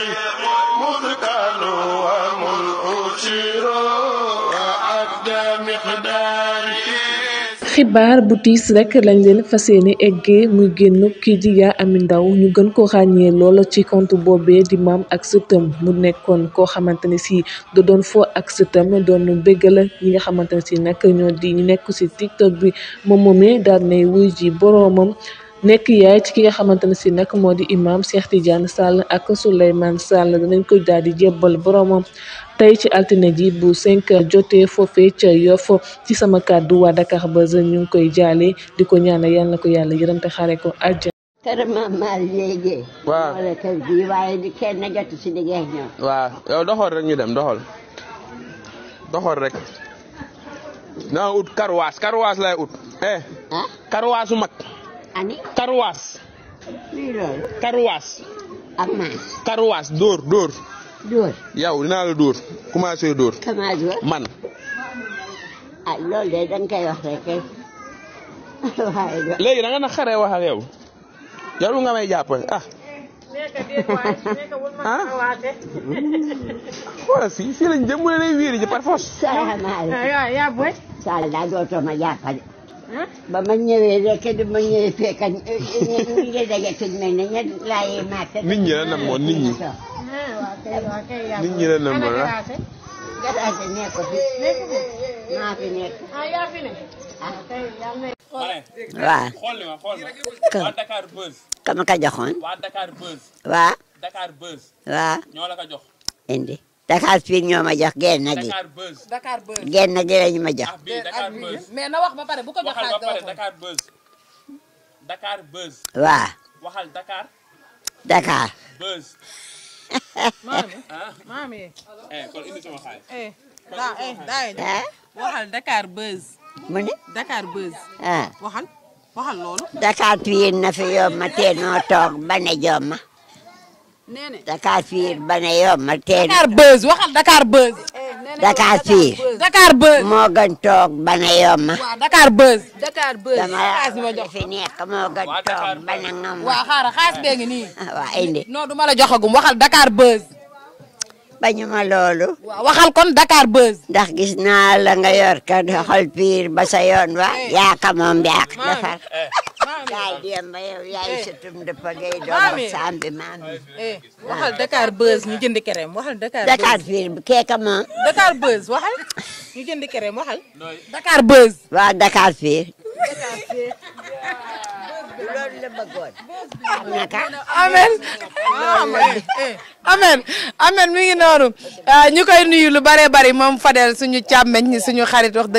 مذكر xibaar bu tiis rekk lañ leen fas ni eggee muy génn kii di Yaa Ami Ndaw ñu gën koo ràññee loola ci compte boobee di maam ak sëtëm mu nekkoon koo xamante ne si da doon foo ak sëtëm doon béggal ñi nga xamante ne si nag ñoo di ñu nekk si tiktok bi moom moomee nay wuy ji boroomam nekk yaay ki nga xamante ne si nag moo di imam Cheikh Tidiane Sall ak Souleymane Sall danañ koy daal di jébbal boromam tey ci altine ji bu 5 heures jotee foofee ca Yoff ci sama kàddu waa Dakar Buzz ñu ngi koy jaale di ko ñaanal yal na ko yàlla yërëm te xare ko àjjana. kër Mamadou Léegi. ñu dem doxal doxal karuwaasu eh. ah? mag. ani. karuwaas. luy loolu. karuwaas. ak maas. karuwaas dóor dóor. dóor. yow dinaa la dóor commencé dóor. commencé dóor man. ah de dañ koy wax rek kay. Eh. léegi da nga na xaree wax ak yow. yow nga may jàppale ah. ah. xoolal si fii lañ jëm mu ne lay wiiri ji par force. salaamaaleykum. waaw yaa booy. Sall daa dootoo ma jàppale. ba ma ñëwee rek du ma ñëwee fekk ñu ngi daje fi mel ne ña laayee marché. nit ñi la namoon nit ñi. nit ñi la namoon ah. garaase nekkul fi maa fi nekk. Ah, ah. waaw. ka ma ka joxoon. waaw. waaw. indi. Dakar Speed ñoo ma jox genn gi. gi la ñu ma jox. mais na wax ba pare bu ko jox xaalis waxal ba pare eh, eh, eh? mu ne. Dakar Buzz. Ah. waxal waxal na fi yomb ma tee ba ne joom Dakar fiir ba ne yow ma teel. Dakar buzz waxal Dakar buzz. Eh, eh, Dakar fiir. Dakar buzz moo gën toog ba ne yow ma. waaw Dakar buzz. Dakar buzz xaas ma kon Dakar buzz. ndax gis naa la nga yor piir ba sa yoon wa. Eh. yaaka yaay dem ba yow yaay sëtum de pagay doom sambi maam waxal Dakar Buzz ñu jënd kerem waxal Dakar Buzz Dakar film keeka moom Dakar Buzz waxal ñu jënd kerem waxal Dakar Buzz waaw Dakar fii loolu la bëggoon amen eh, amen amen mi ngi noonu ah, ñu koy nuyu lu bare bari moom Fadel suñu càmmeñ suñu xarit wax dëgg